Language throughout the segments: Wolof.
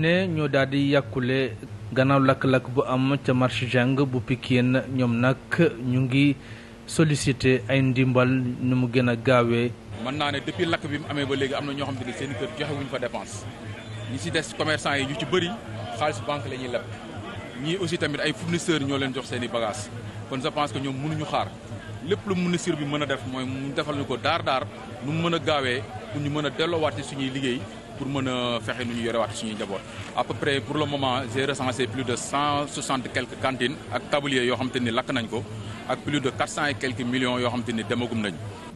ne ñoo daal di yàkkule gannaaw lakk-lakk bu am ca marché jàng bu Pikine ñoom nag ñu ngi sollicité ay ndimbal ni mu gën a gaawee. man naa ne depuis lakk bi mu amee ba léegi am na ñoo xam te ni seen kër joxe wuñ fa dépense ñi si des commercant yi ñu ci bëri xaalis banque la ñuy leb ñii aussi tamit ay fournisseurs ñoo leen jox seen i bagages kon je pense que ñoom mënuñu xaar lépp lu ministre bi mën a def mooy mu defal ñu ko daar daar nu mu mën a gaawee pour ñu mën a delloowaat suñuy liggéey. pour mën a fexe nu ñu yorewaat suñuy njaboot pour le moment j'ai recensé plus de cent soixante quelques cantines ak tabliers yoo xam ni lakk nañ ko ak plus de quatre cent et quelques millions yoo xam te ni demagum nañ.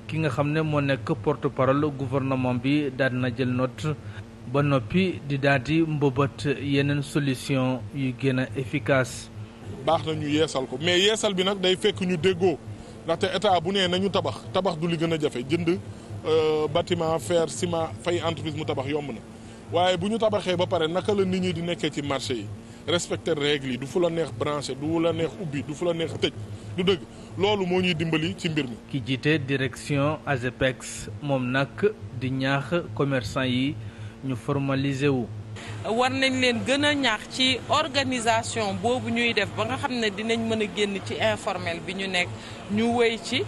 ki nga xam ne moo nekk porte parole gouvernement bi daal na jël note ba noppi di daal di mbëbët yeneen solution yu gën a efficace. baax na ñu yeesal ko mais yeesal bi nag day fekk ñu déggoo ndaxte état bu nee nañu tabax tabax du li gën a jafe jënd. Euh, bâtiment fer ciment fay entreprise mu tabax yomb na waaye bu ñu tabaxee ba pare naka la nit ñi di nekkee ci marché yi respecter règles yi du fu la neex branché du la neex ubbi du fu la neex tëj du dëgg loolu moo ñuy dimbali ci mbir mi. ki direction ASEPEX moom nag di ñaax commerçant yi ñu formaliser wu. war nañ leen gën a ñaax ci organisation boobu ñuy def ba nga xam ne dinañ mën a génn ci informel bi ñu nekk ñu wéy ci.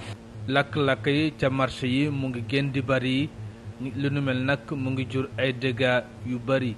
lakk-lakk yi ca marché yi mu ngi gën di bari lu nu mel nag mu ngi jur ay dégâts yu bari